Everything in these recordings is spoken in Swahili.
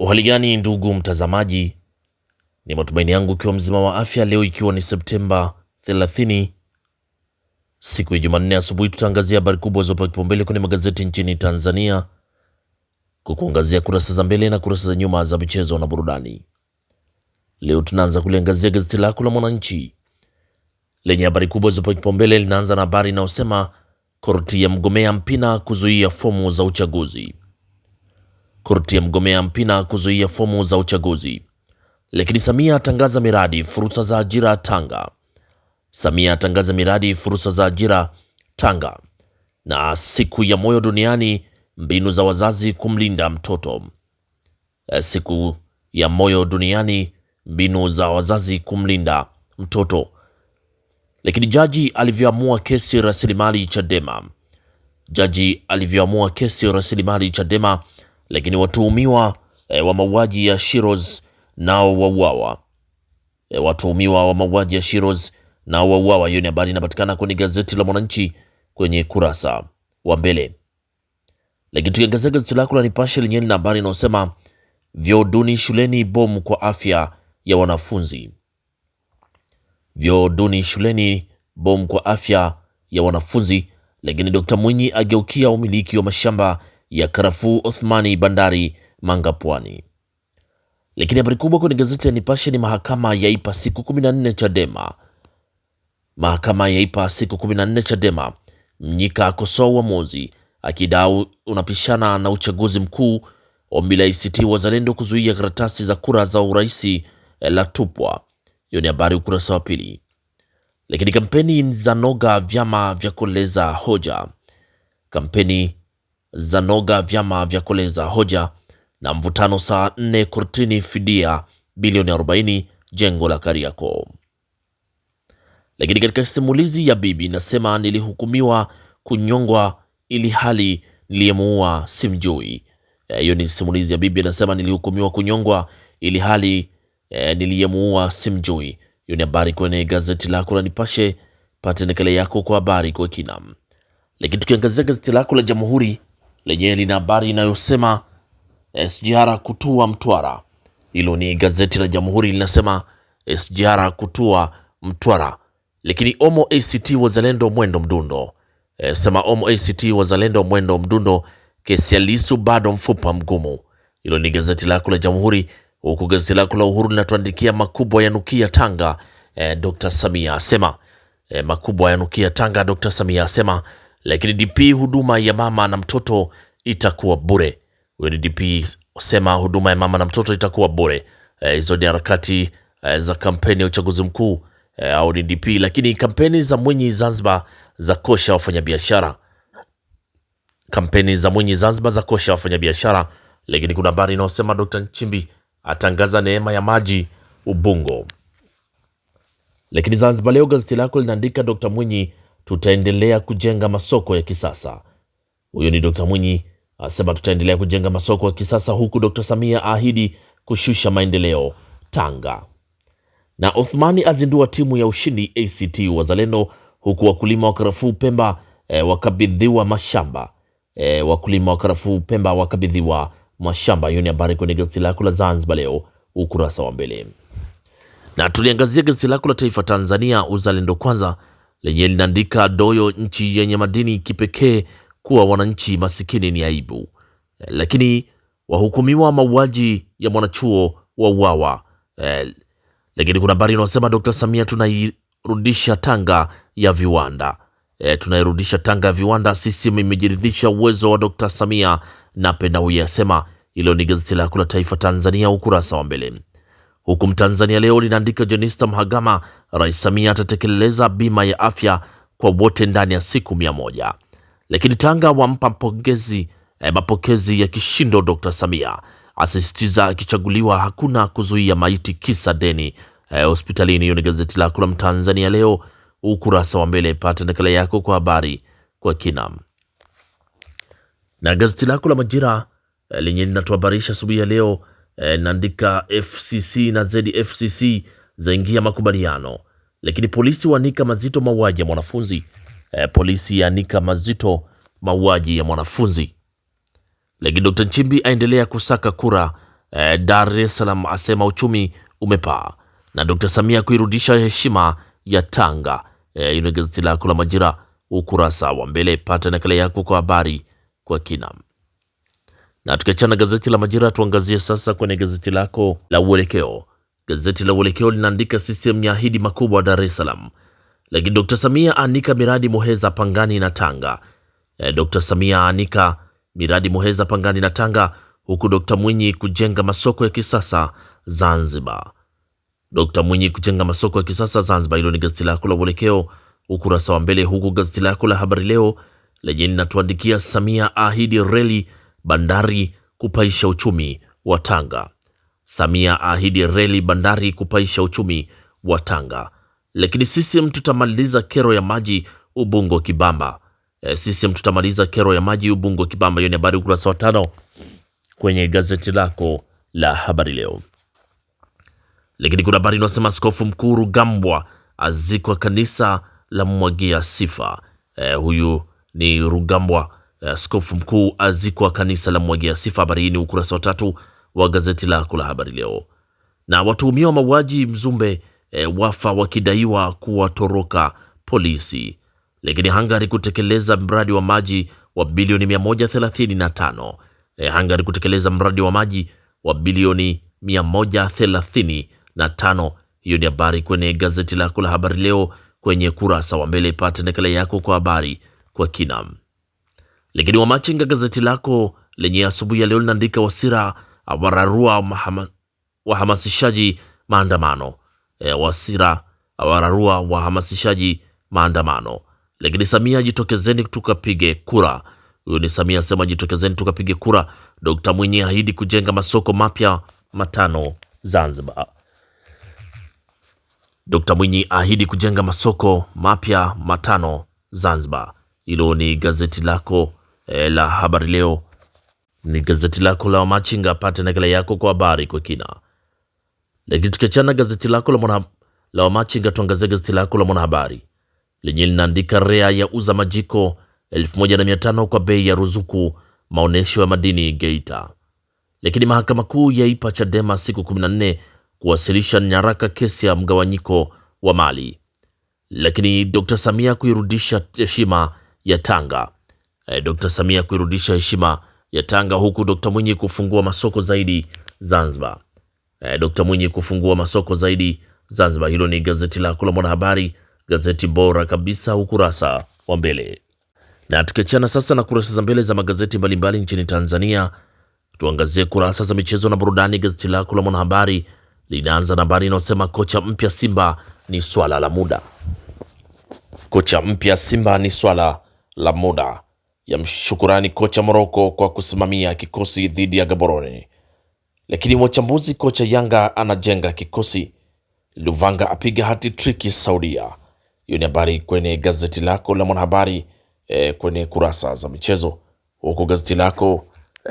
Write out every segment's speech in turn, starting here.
Uhali gani ndugu mtazamaji, ni matumaini yangu ukiwa mzima wa afya. Leo ikiwa ni Septemba 30 siku ya Jumanne asubuhi, tutaangazia habari kubwa zilizopewa kipaumbele kwenye magazeti nchini Tanzania, kukuangazia kurasa za mbele na kurasa za nyuma za michezo na burudani. Leo tunaanza kuliangazia gazeti lako la Mwananchi lenye habari kubwa zilizopewa kipaumbele. Linaanza na habari inayosema korti ya mgomea Mpina kuzuia fomu za uchaguzi Korti ya mgomea Mpina kuzuia fomu za uchaguzi. Lakini Samia atangaza miradi fursa za ajira Tanga. Samia atangaza miradi fursa za ajira Tanga. Na siku ya moyo duniani, mbinu za wazazi kumlinda mtoto. E, siku ya moyo duniani, mbinu za wazazi kumlinda mtoto. Lakini jaji alivyoamua kesi rasilimali Chadema. Jaji alivyoamua kesi rasilimali Chadema lakini watuhumiwa e, wa mauaji ya Shiroz nao wauawa. E, watuhumiwa wa mauaji ya Shiroz nao wauawa. Hiyo ni habari inapatikana kwenye gazeti la Mwananchi kwenye kurasa wa mbele. Lakini tukiangazia gazeti lako la Nipashe lenyewe lina habari inayosema vyoo duni shuleni bomu kwa afya ya wanafunzi. Vyo duni shuleni bomu kwa afya ya wanafunzi. Lakini Dr. Mwinyi ageukia umiliki wa mashamba ya karafuu Othmani bandari Mangapwani. Lakini habari kubwa kwenye gazeti ya Nipashe ni mahakama yaipa siku 14 Chadema, mahakama yaipa siku 14 Chadema. Mnyika akosoa uamuzi akidau unapishana na uchaguzi mkuu. Ombi la ACT Wazalendo kuzuia karatasi za kura za uraisi eh, la tupwa. Hiyo ni habari ukurasa wa pili. Lakini kampeni za noga vyama vya koleza hoja, kampeni za noga vyama vya kueleza hoja na mvutano saa nne kurtini fidia bilioni 40 jengo la Kariakoo. Lakini katika simulizi ya bibi nasema nilihukumiwa kunyongwa ili hali niliyemuua simjui. Eh, hiyo e, ni simulizi ya bibi nasema nilihukumiwa kunyongwa ili hali e, niliyemuua simjui. Hiyo ni habari kwenye gazeti lako la Nipashe, pate nakala yako kwa habari kwa kina. Lakini tukiangazia gazeti lako la Jamhuri lenyewe lina habari inayosema SGR kutua Mtwara. Hilo ni gazeti la Jamhuri linasema SGR kutua Mtwara. Lakini Omo ACT Wazalendo mwendo mdundo. E, sema Omo ACT Wazalendo mwendo mdundo, kesi ya bado mfupa mgumu. Hilo ni gazeti lako la Jamhuri, huku gazeti lako la Uhuru linatuandikia makubwa nukia Tanga. E, Dr. Samia asema e, makubwa nukia Tanga. Dr. Samia asema lakini DP huduma ya mama na mtoto itakuwa bure. Huyo ni DP sema huduma ya mama na mtoto itakuwa bure. Eh, hizo e, ni harakati e, za kampeni ya uchaguzi mkuu e, au ni DP, lakini kampeni za Mwenyi Zanzibar za kosha wafanyabiashara, kampeni za Mwenyi Zanzibar za kosha wafanyabiashara. Lakini kuna habari inayosema Dr. Nchimbi atangaza neema ya maji Ubungo. Lakini Zanzibar Leo gazeti lako linaandika Dr. Mwinyi tutaendelea kujenga masoko ya kisasa. Huyo ni Dr. Mwinyi asema tutaendelea kujenga masoko ya kisasa, huku Dr. Samia ahidi kushusha maendeleo Tanga, na Othmani azindua timu ya ushindi ACT Wazalendo, huku wakulima wa karafuu Pemba e, wakabidhiwa mashamba e, wakulima wa karafuu Pemba wakabidhiwa mashamba. Hiyo ni habari kwenye gazeti lako la Zanzibar leo ukurasa wa mbele, na tuliangazia gazeti lako la Taifa Tanzania Uzalendo Kwanza lenye linaandika Doyo, nchi yenye madini kipekee, kuwa wananchi masikini ni aibu. Lakini wahukumiwa mauaji ya mwanachuo wa uawa. Lakini kuna habari inayosema Dr. Samia tunairudisha Tanga ya viwanda. E, tunairudisha Tanga ya viwanda. sisi imejiridhisha uwezo wa Dr. Samia, napenda asema Hilo ni gazeti lako la Taifa Tanzania ukurasa wa mbele huku Mtanzania leo linaandika Jenista Mhagama, Rais Samia atatekeleza bima ya afya kwa wote ndani ya siku mia moja. Lakini Tanga wampa mpongezi eh, mapokezi ya kishindo Dr. Samia asisitiza akichaguliwa hakuna kuzuia maiti kisa deni eh, hospitalini. hiyo ni gazeti lako la Mtanzania leo ukurasa wa mbele. Pata nakala yako kwa habari kwa kina na gazeti lako la Majira eh, lenye linatuhabarisha asubuhi ya leo e, naandika FCC na ZFCC zaingia makubaliano, lakini polisi waanika mazito mauaji ya mwanafunzi e, polisi yaanika mazito mauaji ya mwanafunzi. Lakini Dr. Nchimbi aendelea kusaka kura e, Dar es Salaam asema uchumi umepaa, na Dr. Samia kuirudisha heshima ya Tanga. E, ilo gazeti lako la Majira ukurasa wa mbele. Pata nakala yako kwa habari kwa kina. Na tukiachana gazeti la Majira, tuangazie sasa kwenye gazeti lako la Uelekeo. Gazeti la Uelekeo linaandika CCM yaahidi makubwa Dar es Salaam, lakini Dr. Samia anika miradi Muheza, Pangani na Tanga. E, Dr. Samia anika miradi Muheza, Pangani na Tanga, huku Dr. Mwinyi kujenga masoko ya kisasa Zanzibar. Dr. Mwinyi kujenga masoko ya kisasa Zanzibar. Hilo ni gazeti lako la Uelekeo ukurasa wa mbele, huku gazeti lako la Habari Leo lenye linatuandikia Samia ahidi reli really bandari kupaisha uchumi wa Tanga. Samia ahidi reli bandari kupaisha uchumi wa Tanga. Lakini sisi tutamaliza kero ya maji Ubungo Kibamba. E, eh, sisi tutamaliza kero ya maji Ubungo Kibamba. Hiyo ni habari ukurasa wa tano kwenye gazeti lako la habari leo. Lakini kuna habari inasema askofu mkuu Rugambwa azikwa kanisa la mwagia sifa. E, huyu ni Rugambwa Eh, Askofu mkuu azikwa kanisa la mwagia sifa. Habari hii ni ukurasa wa tatu wa gazeti lako la habari leo. Na watuhumiwa wa mauaji Mzumbe e, wafa wakidaiwa kuwatoroka polisi. Lakini Hungary kutekeleza mradi wa maji wa bilioni 135. E, eh, Hungary kutekeleza mradi wa maji wa bilioni 135. Hiyo ni habari kwenye gazeti lako la habari leo kwenye kurasa wa mbele. Pata nakala yako kwa habari kwa kinam lakini Wamachinga, gazeti lako lenye asubuhi ya leo linaandika Wasira awararua wahamasishaji maandamano e, Wasira awararua wahamasishaji maandamano. Lakini Samia, jitokezeni tukapige kura. Huyu ni Samia asema jitokezeni tukapige kura. Dkt Mwinyi ahidi kujenga masoko mapya matano Zanzibar. Dkt Mwinyi ahidi kujenga masoko mapya matano Zanzibar. Hilo ni gazeti lako eh, la Habari Leo ni gazeti lako la Wamachinga. Pate nakala yako kwa habari kwa kina. Lakini tukiachana gazeti lako la mwana la Wamachinga, tuangazie gazeti lako la Mwanahabari lenye linaandika REA ya uza majiko 1500 kwa bei ya ruzuku maonesho ya madini Geita. Lakini mahakama kuu yaipa Chadema siku 14 kuwasilisha nyaraka kesi ya mgawanyiko wa mali. Lakini Dr. Samia kuirudisha heshima ya Tanga eh, Dr. Samia kuirudisha heshima ya Tanga huku Dr. Mwinyi kufungua masoko zaidi Zanzibar. Eh, Dr. Mwinyi kufungua masoko zaidi Zanzibar. Hilo ni gazeti lako la Mwanahabari, gazeti bora kabisa, ukurasa wa mbele. Na tukiachana sasa na kurasa za mbele za magazeti mbalimbali mbali nchini Tanzania, tuangazie kurasa za michezo na burudani. Gazeti lako la Mwanahabari linaanza na habari inayosema kocha mpya Simba ni swala la muda. Kocha mpya Simba ni swala la muda ya mshukurani kocha Moroko kwa kusimamia kikosi dhidi ya Gaborone, lakini mwachambuzi kocha Yanga anajenga kikosi, Luvanga apiga hati triki Saudia. Hiyo ni habari kwenye gazeti lako la Mwanahabari e, kwenye kurasa za michezo. Huko gazeti lako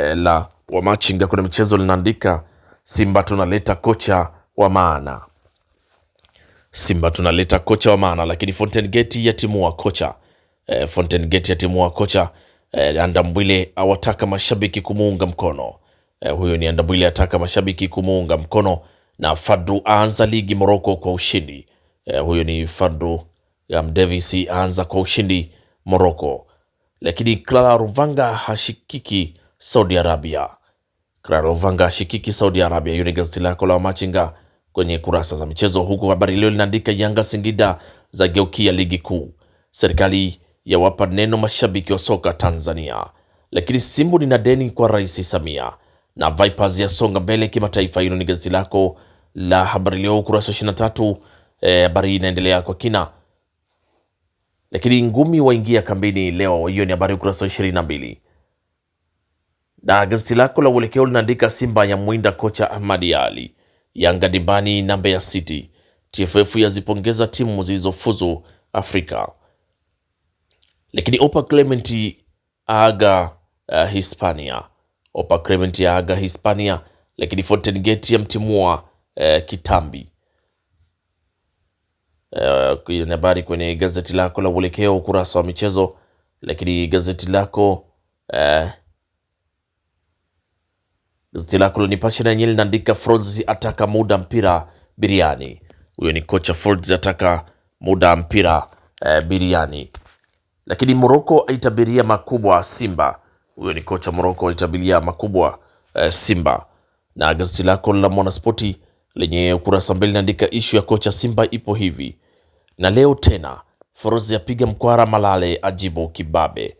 e, la Wamachinga kwenye michezo linaandika Simba tunaleta kocha wa maana, Simba tunaleta kocha wa maana, lakini Fountain Gate yatimua kocha e, Fountain Gate yatimua kocha eh, Ndambwile awataka mashabiki kumuunga mkono eh, huyo ni Andambwile ataka mashabiki kumuunga mkono na Fadru aanza ligi Moroko kwa ushindi eh, huyo ni Fadru eh, Davis aanza kwa ushindi Moroko. Lakini Clara Ruvanga hashikiki Saudi Arabia. Clara Ruvanga hashikiki Saudi Arabia. Hiyo gazeti lako la Machinga kwenye kurasa za michezo, huku habari leo linaandika Yanga Singida za geukia ligi kuu. Serikali yawapa neno mashabiki wa soka Tanzania. Lakini Simba ni na deni kwa Rais Samia na Vipers yasonga mbele kimataifa. Hilo ni gazeti lako la Habari Leo ukurasa wa 23. E, habari eh, hii inaendelea kwa kina. Lakini ngumi waingia kambini leo, hiyo ni habari ukurasa wa 22. Na gazeti lako la Uelekeo linaandika Simba ya mwinda kocha Ahmad Ali, Yanga dimbani na Mbeya City, TFF yazipongeza timu zilizofuzu Afrika. Lakini Opa Clement aga uh, Hispania. Opa Clement aga Hispania, lakini Fountain Gate yamtimua uh, kitambi. Uh, habari kwenye gazeti lako la Uelekeo ukurasa wa michezo, lakini gazeti lako uh, gazeti lako la Nipashe lenyewe linaandika Frozi ataka muda mpira biriani. Huyo ni kocha Frozi ataka muda mpira uh, biriani lakini Moroko aitabiria makubwa Simba. Huyo ni kocha Moroko aitabiria makubwa eh, Simba. Na gazeti lako la Mwanaspoti lenye ukurasa mbele linaandika ishu ya kocha Simba ipo hivi na leo tena Forozi apiga mkwara Malale ajibu kibabe.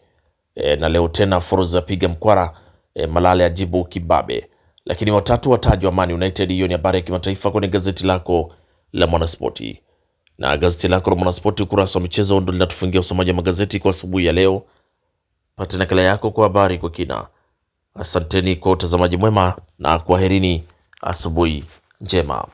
E, na leo tena Forozi apiga mkwara e, Malale ajibu kibabe. Lakini watatu watajwa Man United. Hiyo ni habari ya kimataifa kwenye gazeti lako la Mwanaspoti na gazeti lako la Mwanaspoti ukurasa wa michezo ndo linatufungia usomaji wa magazeti kwa asubuhi ya leo. Pate nakala yako kwa habari kwa kina. Asanteni kwa utazamaji mwema na kwaherini, asubuhi njema.